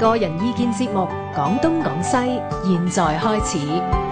個人意見節目《廣東廣西》，現在開始。